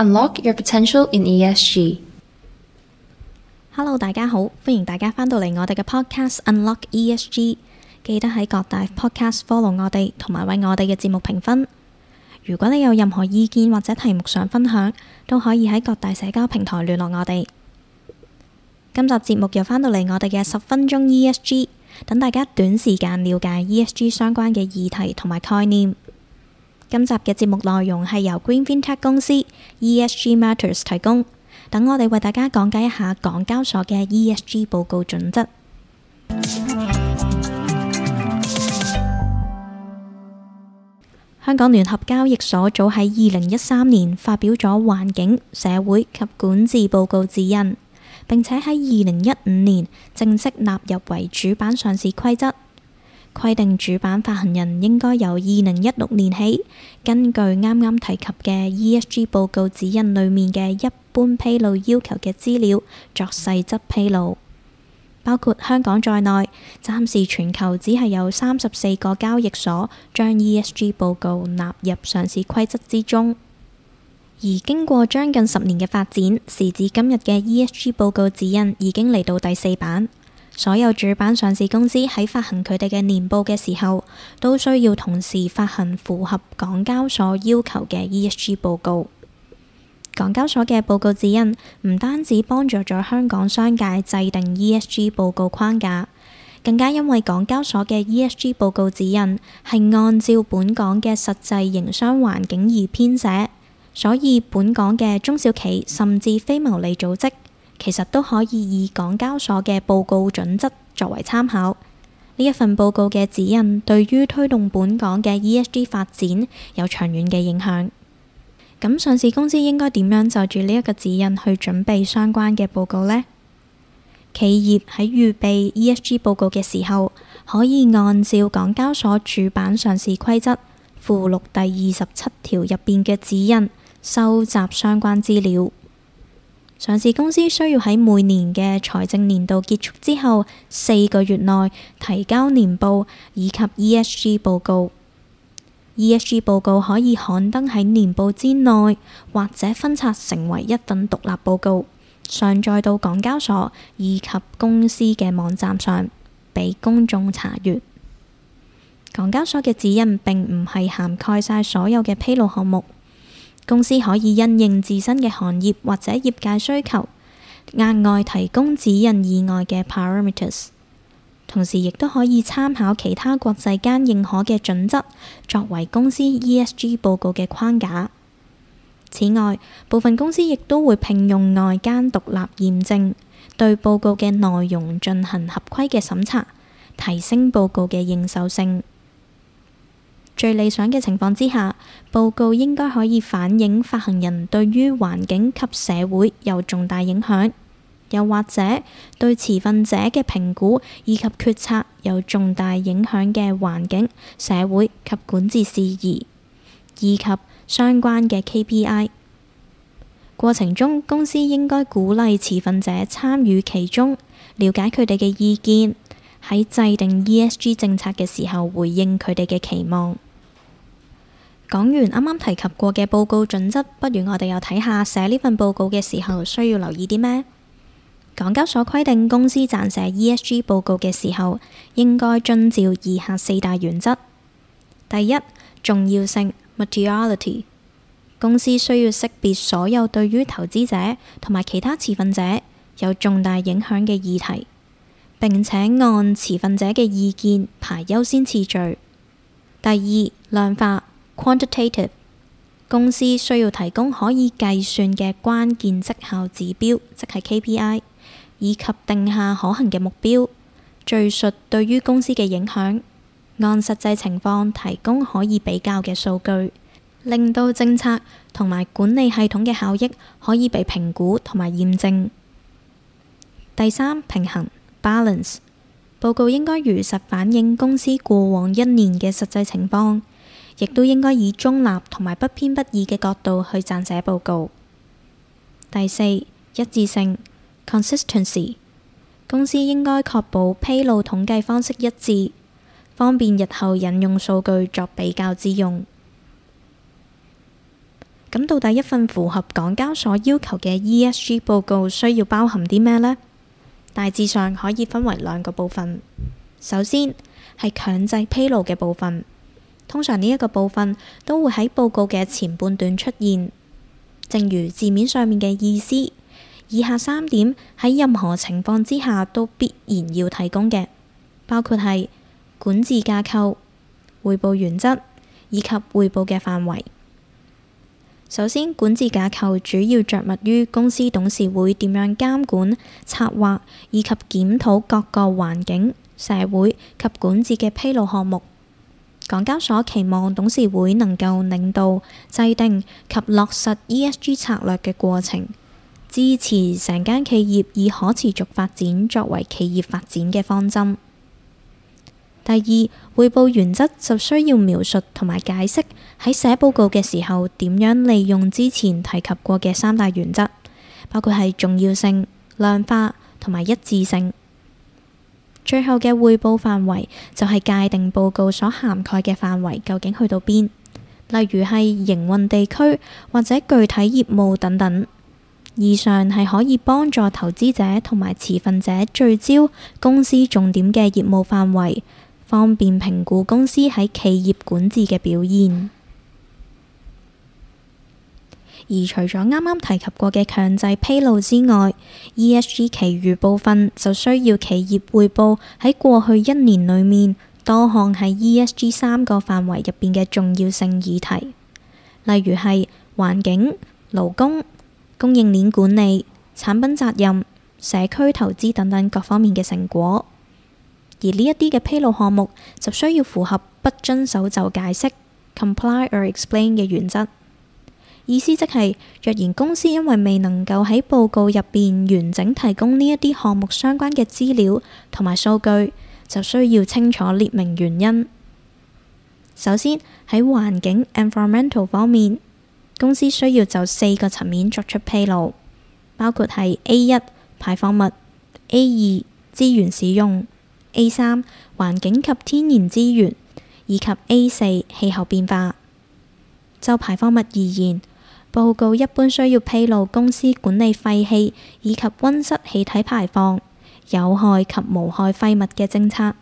Unlock your potential in ESG。Hello，大家好，歡迎大家翻到嚟我哋嘅 podcast Unlock ESG。記得喺各大 podcast follow 我哋，同埋為我哋嘅節目評分。如果你有任何意見或者題目想分享，都可以喺各大社交平台聯絡我哋。今集節目又翻到嚟我哋嘅十分鐘 ESG，等大家短時間了解 ESG 相關嘅議題同埋概念。今集嘅節目內容係由 GreenVenture 公司。ESG Matters 提供，等我哋為大家講解一下港交所嘅 ESG 報告準則。香港聯合交易所早喺二零一三年發表咗環境、社會及管治報告指引，並且喺二零一五年正式納入為主板上市規則。規定主板發行人應該由二零一六年起，根據啱啱提及嘅 ESG 報告指引裏面嘅一般披露要求嘅資料作細則披露。包括香港在內，暫時全球只係有三十四個交易所將 ESG 報告納入上市規則之中。而經過將近十年嘅發展，時至今日嘅 ESG 報告指引已經嚟到第四版。所有主板上市公司喺發行佢哋嘅年報嘅時候，都需要同時發行符合港交所要求嘅 ESG 報告。港交所嘅報告指引唔單止幫助咗香港商界制定 ESG 報告框架，更加因為港交所嘅 ESG 報告指引係按照本港嘅實際營商環境而編寫，所以本港嘅中小企甚至非牟利組織。其實都可以以港交所嘅報告準則作為參考。呢一份報告嘅指引對於推動本港嘅 ESG 發展有長遠嘅影響。咁、嗯、上市公司應該點樣就住呢一個指引去準備相關嘅報告呢？企業喺預備 ESG 報告嘅時候，可以按照港交所主板上市規則附錄第二十七條入邊嘅指引，收集相關資料。上市公司需要喺每年嘅財政年度結束之後四個月內提交年報以及 ESG 報告。ESG 報告可以刊登喺年報之內，或者分拆成為一份獨立報告，上載到港交所以及公司嘅網站上俾公眾查閱。港交所嘅指引並唔係涵蓋晒所有嘅披露項目。公司可以因應自身嘅行業或者業界需求，額外提供指引以外嘅 parameters，同時亦都可以參考其他國際間認可嘅準則，作為公司 ESG 報告嘅框架。此外，部分公司亦都會聘用外間獨立驗證，對報告嘅內容進行合規嘅審查，提升報告嘅認受性。最理想嘅情況之下，報告應該可以反映發行人對於環境及社會有重大影響，又或者對持份者嘅評估以及決策有重大影響嘅環境、社會及管治事宜，以及相關嘅 KPI。過程中，公司應該鼓勵持份者參與其中，了解佢哋嘅意見，喺制定 ESG 政策嘅時候回應佢哋嘅期望。講完啱啱提及過嘅報告準則，不如我哋又睇下寫呢份報告嘅時候需要留意啲咩？港交所規定公司撰寫 ESG 報告嘅時候，應該遵照以下四大原則：第一，重要性 （materiality）。公司需要識別所有對於投資者同埋其他持份者有重大影響嘅議題，並且按持份者嘅意見排優先次序。第二，量化。Quantitative 公司需要提供可以計算嘅關鍵績效指標，即係 KPI，以及定下可行嘅目標。敘述對於公司嘅影響，按實際情況提供可以比較嘅數據，令到政策同埋管理系統嘅效益可以被評估同埋驗證。第三，平衡 （balance） 報告應該如實反映公司過往一年嘅實際情況。亦都應該以中立同埋不偏不倚嘅角度去撰寫報告。第四，一致性 （consistency），公司應該確保披露統計方式一致，方便日後引用數據作比較之用。咁到底一份符合港交所要求嘅 ESG 報告需要包含啲咩呢？大致上可以分為兩個部分。首先係強制披露嘅部分。通常呢一個部分都會喺報告嘅前半段出現，正如字面上面嘅意思。以下三點喺任何情況之下都必然要提供嘅，包括係管治架構、匯報原則以及匯報嘅範圍。首先，管治架構主要着墨於公司董事會點樣監管、策劃以及檢討各個環境、社會及管治嘅披露項目。港交所期望董事會能夠領導制定及落實 ESG 策略嘅過程，支持成間企業以可持續發展作為企業發展嘅方針。第二，匯報原則就需要描述同埋解釋喺寫報告嘅時候點樣利用之前提及過嘅三大原則，包括係重要性、量化同埋一致性。最後嘅匯報範圍就係界定報告所涵蓋嘅範圍究竟去到邊，例如係營運地區，或者具體業務等等。以上係可以幫助投資者同埋持份者聚焦公司重點嘅業務範圍，方便評估公司喺企業管治嘅表現。而除咗啱啱提及過嘅強制披露之外，ESG 其餘部分就需要企業匯報喺過去一年裏面多項喺 ESG 三個範圍入邊嘅重要性議題，例如係環境、勞工、供應鏈管理、產品責任、社區投資等等各方面嘅成果。而呢一啲嘅披露項目就需要符合不遵守就解釋 （comply or explain） 嘅原則。意思即係若然公司因為未能夠喺報告入邊完整提供呢一啲項目相關嘅資料同埋數據，就需要清楚列明原因。首先喺環境 (environmental) 方面，公司需要就四個層面作出披露，包括係 A 一排放物、A 二資源使用、A 三環境及天然資源，以及 A 四氣候變化。就排放物而言，報告一般需要披露公司管理廢氣以及温室氣體排放，有害及無害廢物嘅政策、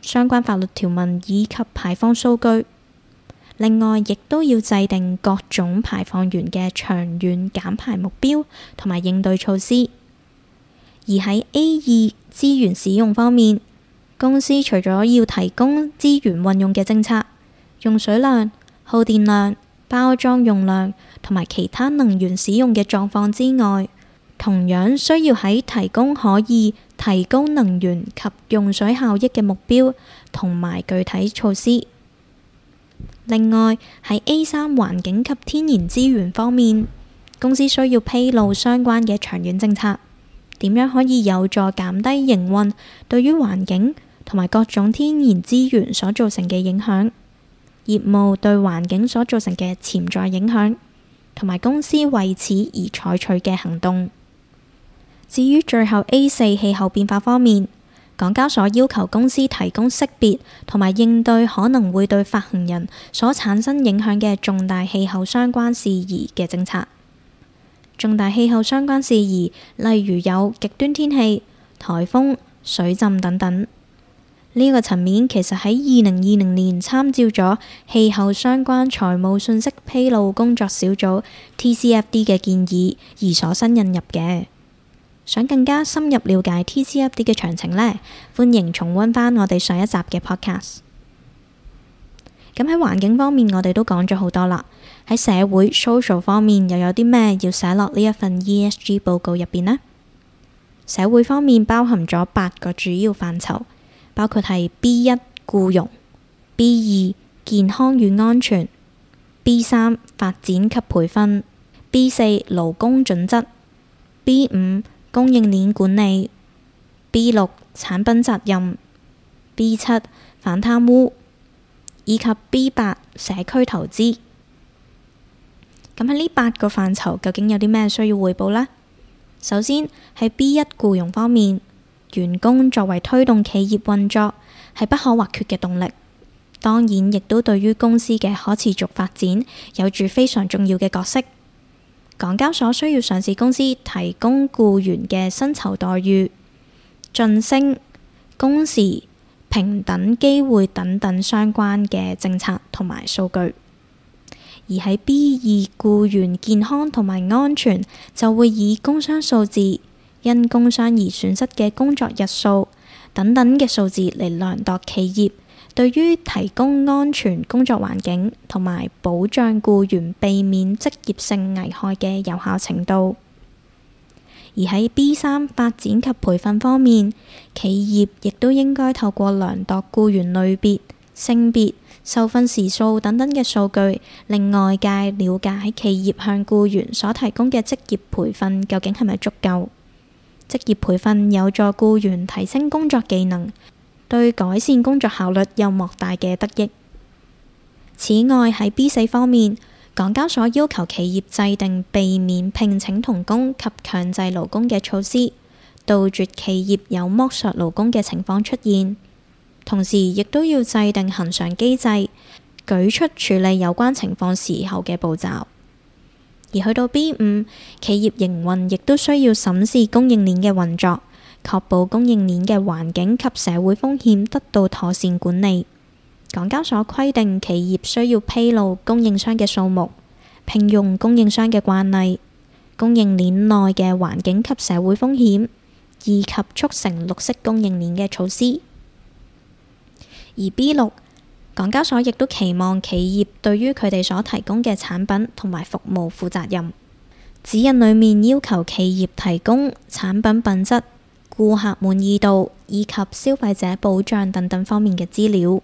相關法律條文以及排放數據。另外，亦都要制定各種排放源嘅長遠減排目標同埋應對措施。而喺 A2 資源使用方面，公司除咗要提供資源運用嘅政策、用水量、耗電量。包裝用量同埋其他能源使用嘅狀況之外，同樣需要喺提供可以提高能源及用水效益嘅目標同埋具體措施。另外，喺 A 三環境及天然資源方面，公司需要披露相關嘅長遠政策，點樣可以有助減低營運對於環境同埋各種天然資源所造成嘅影響。業務對環境所造成嘅潛在影響，同埋公司為此而採取嘅行動。至於最後 A 四氣候變化方面，港交所要求公司提供識別同埋應對可能會對發行人所產生影響嘅重大氣候相關事宜嘅政策。重大氣候相關事宜，例如有極端天氣、台風、水浸等等。呢個層面其實喺二零二零年參照咗氣候相關財務信息披露工作小組 （TCFD） 嘅建議而所新引入嘅。想更加深入了解 TCFD 嘅詳情呢，歡迎重温翻我哋上一集嘅 podcast。咁喺環境方面我，我哋都講咗好多啦。喺社會 （social） 方面又有啲咩要寫落呢一份 ESG 報告入邊呢？社會方面包含咗八個主要範疇。包括係 B 一僱傭、B 二健康與安全、B 三發展及培訓、B 四勞工準則、B 五供應鏈管理、B 六產品責任、B 七反貪污，以及 B 八社區投資。咁喺呢八個範疇，究竟有啲咩需要匯報呢？首先喺 B 一僱傭方面。員工作為推動企業運作係不可或缺嘅動力，當然亦都對於公司嘅可持續發展有住非常重要嘅角色。港交所需要上市公司提供僱員嘅薪酬待遇、晉升、工時、平等機會等等相關嘅政策同埋數據，而喺 B2 僱員健康同埋安全，就會以工傷數字、因工傷而損失嘅工作日數等等嘅數字嚟量度企業對於提供安全工作環境同埋保障僱員避免職業性危害嘅有效程度。而喺 B 三發展及培訓方面，企業亦都應該透過量度僱員類別、性別、受訓時數等等嘅數據，令外界了解喺企業向僱員所提供嘅職業培訓究竟係咪足夠。職業培訓有助僱員提升工作技能，對改善工作效率有莫大嘅得益。此外，喺 B 四方面，港交所要求企業制定避免聘請童工及強制勞工嘅措施，杜絕企業有剝削勞工嘅情況出現。同時，亦都要制定恒常機制，舉出處理有關情況時候嘅步驟。而去到 B 五，企業營運亦都需要審視供應鏈嘅運作，確保供應鏈嘅環境及社會風險得到妥善管理。港交所規定企業需要披露供應商嘅數目、聘用供應商嘅慣例、供應鏈內嘅環境及社會風險，以及促成綠色供應鏈嘅措施。而 B 六。港交所亦都期望企業對於佢哋所提供嘅產品同埋服務負責任，指引裏面要求企業提供產品品質、顧客滿意度以及消費者保障等等方面嘅資料。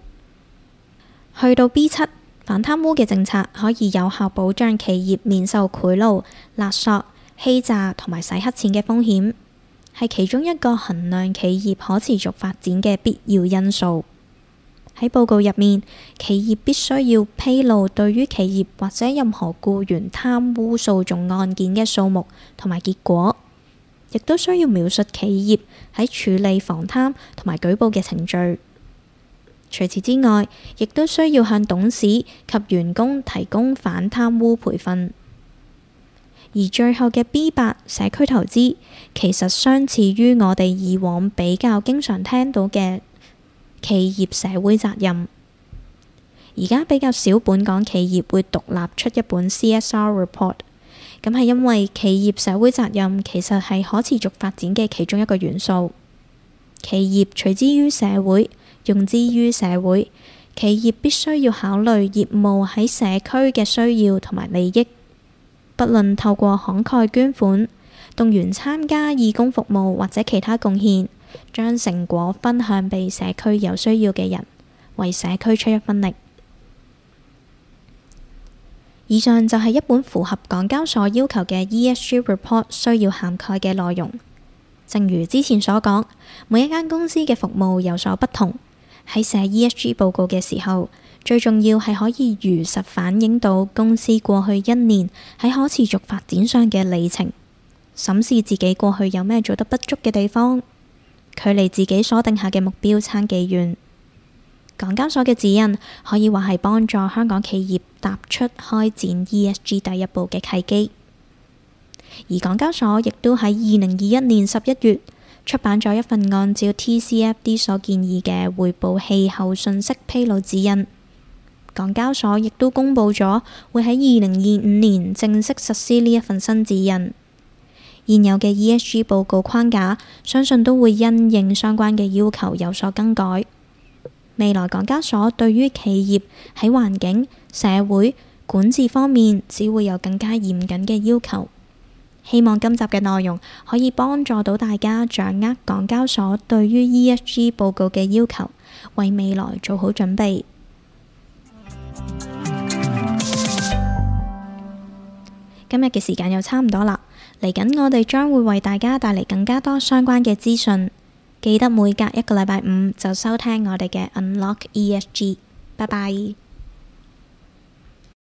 去到 B 七，反貪污嘅政策，可以有效保障企業免受賄賂、勒索、欺詐同埋洗黑錢嘅風險，係其中一個衡量企業可持續發展嘅必要因素。喺報告入面，企業必須要披露對於企業或者任何僱員貪污訴訟案件嘅數目同埋結果，亦都需要描述企業喺處理防貪同埋舉報嘅程序。除此之外，亦都需要向董事及員工提供反貪污培訓。而最後嘅 B 八社區投資，其實相似於我哋以往比較經常聽到嘅，企業社會責任，而家比較少本港企業會獨立出一本 CSR report。咁係因為企業社會責任其實係可持續發展嘅其中一個元素。企業取之於社會，用之於社會，企業必須要考慮業務喺社區嘅需要同埋利益，不論透過慷慨捐款、動員參加義工服務或者其他貢獻。將成果分享俾社區有需要嘅人，為社區出一分力。以上就係一本符合港交所要求嘅 E S G report 需要涵蓋嘅內容。正如之前所講，每一間公司嘅服務有所不同，喺寫 E S G 報告嘅時候，最重要係可以如實反映到公司過去一年喺可持續發展上嘅里程，審視自己過去有咩做得不足嘅地方。距離自己所定下嘅目標差幾遠？港交所嘅指引可以話係幫助香港企業踏出開展 ESG 第一步嘅契機。而港交所亦都喺二零二一年十一月出版咗一份按照 TCFD 所建議嘅匯報氣候信息披露指引。港交所亦都公布咗會喺二零二五年正式實施呢一份新指引。現有嘅 ESG 報告框架，相信都會因應相關嘅要求有所更改。未來港交所對於企業喺環境、社會、管治方面，只會有更加嚴謹嘅要求。希望今集嘅內容可以幫助到大家掌握港交所對於 ESG 報告嘅要求，為未來做好準備。 今日嘅時間又差唔多啦。嚟緊我哋將會為大家帶嚟更加多相關嘅資訊，記得每隔一個禮拜五就收聽我哋嘅 Unlock ESG，拜拜。